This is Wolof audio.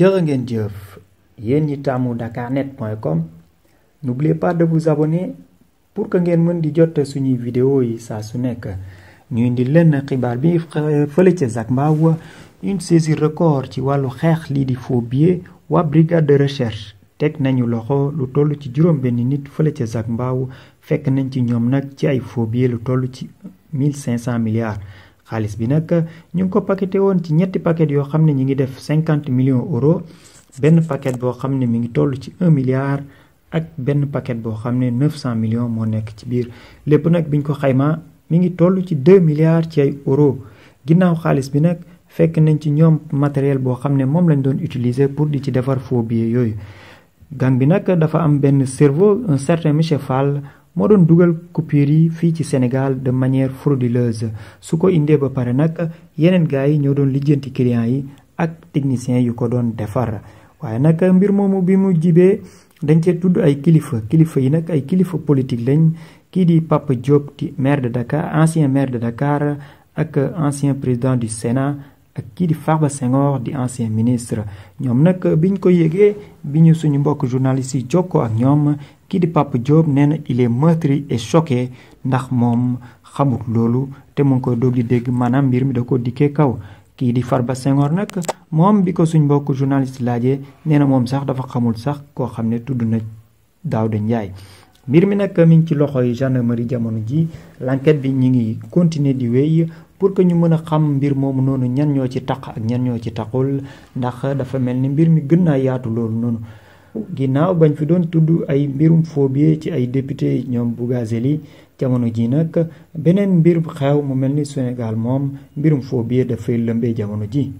jërë ngeen jëf yéen ñi tàmmu dakarnet.com n'oubliez pas de vous pour que ngeen mën di jot suñuy vidéo yi saa su nekk ñu indi lenn xibaar bi euh, fële ca Zac Mbao une saisie record ci wàllu xeex lii di faux billets waa brigade de recherche teg nañu loxo lu toll ci juróom benn nit fële ca Zac Mbao fekk nañ ci ñoom nag ci ay faux lu toll ci 1500 milliards xaalis bi nag ñu ngi ko paqueté woon ci ñetti paquet yoo xam ne ñu ngi def cinquante millions euros benn paquet boo xam ne mi ngi toll ci un milliard ak benn paquet boo xam ne neuf cent millions moo nekk ci biir lépp nag bi biñ ko xaymaa mi ngi toll ci deux milliards ci ay euros ginnaaw xaalis bi nag fekk nañ ci ñoom matériel boo xam ne moom lañ doon utiliser pour di ci defar faux billets yooyu gang bi nag dafa am benn cerveau un certain monsieur Fall moo doon dugal coupure yi fii ci Sénégal de manière frauduleuse su ko indee ba pare nag yeneen gars yi ñoo doon lijjanti clients yi ak techniciens yu ko doon defar waaye nag mbir moomu bi mu jibee dañ cee tudd ay kilifa kilifa yi nag ay kilifa politique lañ kii di Pape Diop di maire de Dakar ancien maire de Dakar ak ancien président du Sénat ak kii di Farba Senghor di ancien ministre ñoom nag ñu ko yégee bi ñu suñu mbokk journaliste yi jokkoo ak ñoom kii di Pape Diop nee na il est meurtri et choqué ndax moom xamut loolu te mu ngi koy doog di dégg maanaam mbir mi da ko dikkee kaw kii di far ba Senghor nag moom bi ko suñ mbokk journaliste laajee nee na moom sax dafa xamul sax koo xam ne tudd na Daouda Ndiaye mbir mi nag mi ci loxo yi gendarmerie jamono ji l'enquête bi ñu ngi continuer di wéy pour que ñu mën a xam mbir moomu noonu ñan ñoo ci taq ak ñan ñoo ci taqul ndax dafa mel ni mbir mi gën naa yaatu loolu noonu ginnaaw bañ fi doon tudd ay mbirum phobie ci ay député ñoom bu Bougazelli jamono ji nag beneen mbir xew mu mel ni Sénégal moom mbirum phobie dafay lëmbee jamono ji